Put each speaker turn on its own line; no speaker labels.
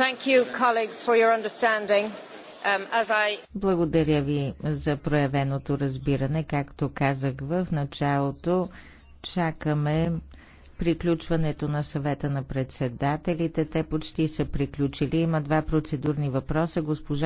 Um,
Благодаря ви за проявеното разбиране. Както казах в началото, чакаме приключването на съвета на председателите. Те почти са приключили. Има два процедурни въпроса. Госпожа